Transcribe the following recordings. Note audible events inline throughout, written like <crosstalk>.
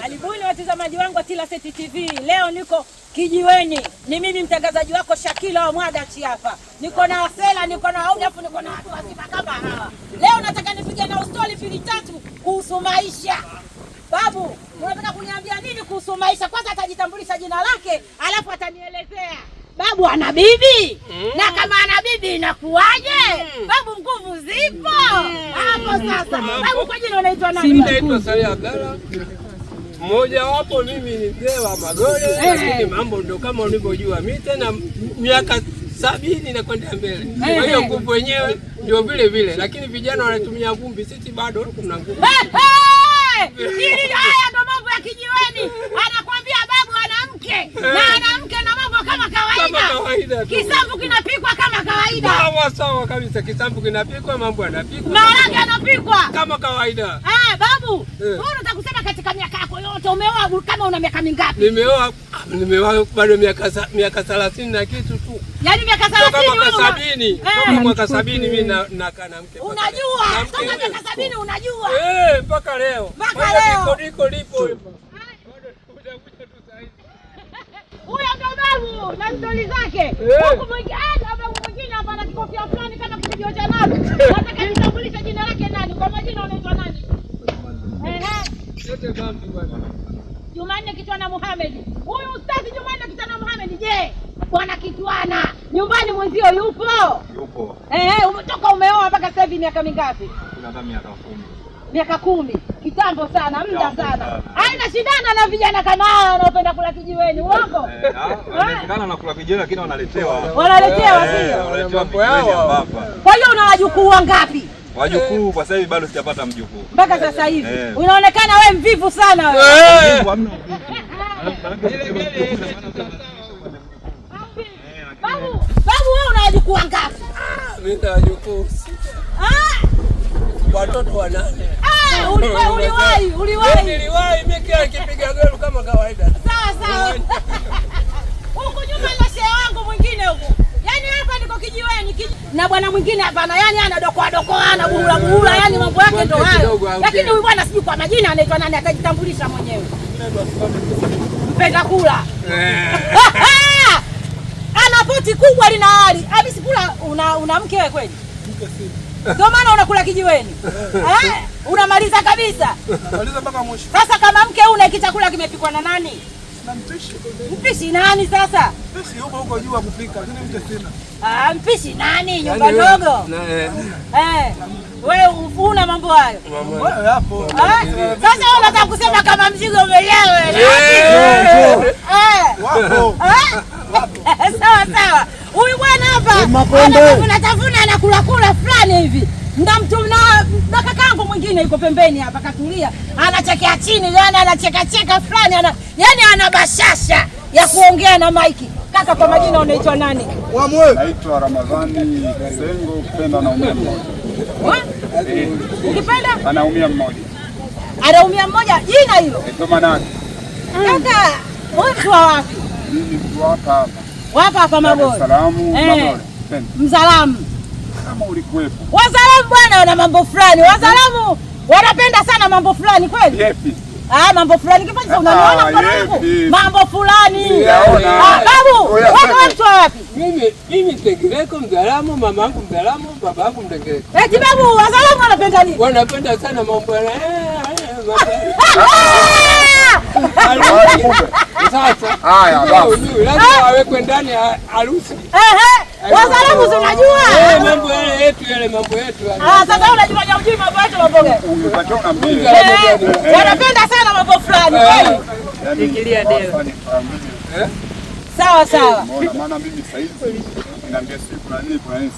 Karibuni watazamaji wangu wa Tilaseti TV. Leo niko kijiweni, ni mimi mtangazaji wako Shakila wa Mwadachi. Hapa niko na Asela, niko na Audafu, niko na watu wazima kama hawa. Leo nataka nipige na ustori pili tatu kuhusu maisha. Babu, unataka kuniambia nini kuhusu maisha? Kwanza atajitambulisha jina lake, alafu atanielezea. Babu ana bibi mm. na kama inakuwaje? Hmm. Babu nguvu zipo hmm. hapo sasa. Babu, kwa jina unaitwa nani? Mimi naitwa Salia Abdalla, mmoja wapo. Mimi ni mzee wa Magole, eh. lakini mambo ndo kama ulivyojua, mimi tena miaka sabini na kwenda mbele. Eh, kwa hiyo eh. nguvu wenyewe ndio vile vile, lakini vijana wanatumia vumbi, sisi bado tuna nguvu. Haya ndo mambo ya kijiweni, anakwambia babu, anamke na anamke na mambo kama kawaida, kisamvu kinapikwa kawaida. Sawa sawa kabisa, kisambu kinapikwa, mambo yanapikwa, maharage yanapikwa kama kawaida. Eh, babu eh. wewe eh, Unataka kusema katika miaka yako yote umeoa, kama una miaka mingapi? Nimeoa nimeoa bado miaka miaka 30 na kitu tu, yaani miaka 30 toka mwaka 70 mimi na na na mke, unajua toka miaka 70 unajua eh, mpaka leo mpaka leo Niko niko lipo hivyo huyo ndo babu na stori zake eh. Huko mwingine kioo cha nani? Nataka nitambulishe jina lake nani? Kwa majina unaitwa nani? Ehe. Jumanne Kitwana Muhammad. Huyu ustazi Jumanne Kitwana Muhammad, je, bwana Kitwana nyumbani mwenzio yupo? Yupo. Ehe, umetoka umeoa mpaka sasa hivi miaka mingapi? Kuna miaka 10 miaka kumi kitambo sana, muda sana, aina shindana na vijana kama hao wanaopenda kula kijiweni. Eh, uongo eh, ah, eh. kijiweni, lakini wanaletewa wanaletewa, sio kwa hiyo una wajukuu wangapi? Wajukuu kwa sasa hivi bado sijapata mjukuu mpaka sasa hivi. Unaonekana wewe mvivu sana wewe. Babu, wewe una wajukuu wangapi? Ah, watoto wanane. Ah, uliwahi, uliwahi. Niliwahi mimi kila nikipiga goli kama kawaida. Sawa sawa. Huko nyuma ndo shehe wangu mwingine huko. Yaani hapa niko kijiweni kiji. Na bwana mwingine hapana, yaani anadokoa dokoa, anabuhula buhula, yaani mambo yake ndo hayo. Lakini huyu bwana sijui kwa majina anaitwa nani, atajitambulisha mwenyewe. Mpenda kula. Eh. <laughs> Ana poti kubwa lina hali. Habi sikula una, una mke wewe kweli? Ndio maana unakula kijiweni <laughs> eh? unamaliza kabisa. Sasa kama mke una hiki chakula kimepikwa na nani? Mpishi nani sasa? Mpishi yupo huko juu akupika, mke Ah, mpishi nani? Yaani Nyumba ndogo eh. Eh, wewe una mambo hayo ah, sasa. Unataka kusema kama mzigo umelewe? Eh, <laughs> sawa sawa, huyu bwana hapa hivi mtu na na kakaangu mwingine yuko pembeni hapa katulia, anachekea chini, yani anacheka cheka fulani ana, yani ana bashasha ya kuongea na maiki. Kaka, kwa majina unaitwa nani? Naitwa Ramadhani Sengo. Ukipenda anaumia mmoja, Eh, ukipenda anaumia mmoja, anaumia mmoja. Jina hilo ndio maana mm. kaka. Wewe mtu wa wapi? Mimi mtu hapa hapa hapa hapa Magori, Salamu eh. Magori, Mzalamu kama ulikuwepo. Wazalamu bwana wana mambo fulani, Wazalamu wanapenda sana mambo fulani kweli. Yepi? Ah, mambo fulani kifanya unaniona kwa ah, wangu. Mambo fulani. Ah, babu, wako watu wapi? Mimi mimi Tengereko Mzalamu, mamangu Mzalamu, babangu Mtengereko. Eti babu, Wazalamu wanapenda nini? Wanapenda sana mambo ya eh, eh, eh, <laughs> Haya, basi. Lazima awekwe ndani harusi. Ehe. Wazalamu unajua? mambo yale yetu yale mambo yetu Ah, sasa unajua jamii mambo yetu mambo gani? Umepata unamjua. Eh, wanapenda sana mambo fulani kweli. Eh. Yaani Fikiria Deo. Eh? Sawa eh, sawa. maana mimi sasa hivi ninaambia siku na nini kuna nini.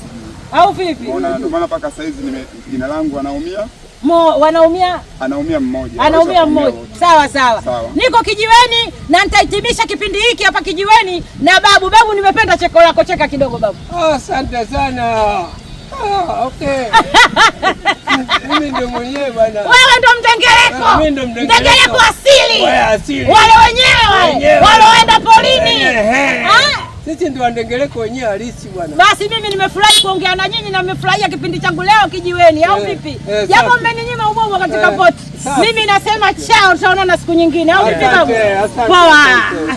Au vipi? Mbona ndio maana mpaka sasa hivi jina langu anaumia mo, wanaumia anaumia mmoja, anaumia mmoja. Sawa sawa, sawa. Niko kijiweni na nitahitimisha kipindi hiki hapa kijiweni na babu. Babu, nimependa cheko lako, cheka kidogo babu. Ah, asante oh, sana oh, okay. <laughs> Mimi ndio mwenyewe bwana. Wewe ndio mtengereko. Mimi ndio mtengereko. Mtengereko asili. Wewe asili. Wale wenyewe wale. waenda polini. Sisi ndio wandengeleko wenyewe halisi bwana. Basi mimi nimefurahi kuongea na nyinyi na nimefurahia kipindi changu leo kijiweni au eh, vipi? Eh, Japo mmeninyima ubovu katika boti eh, Mimi nasema chao, tutaonana siku nyingine au vipi babu? Poa.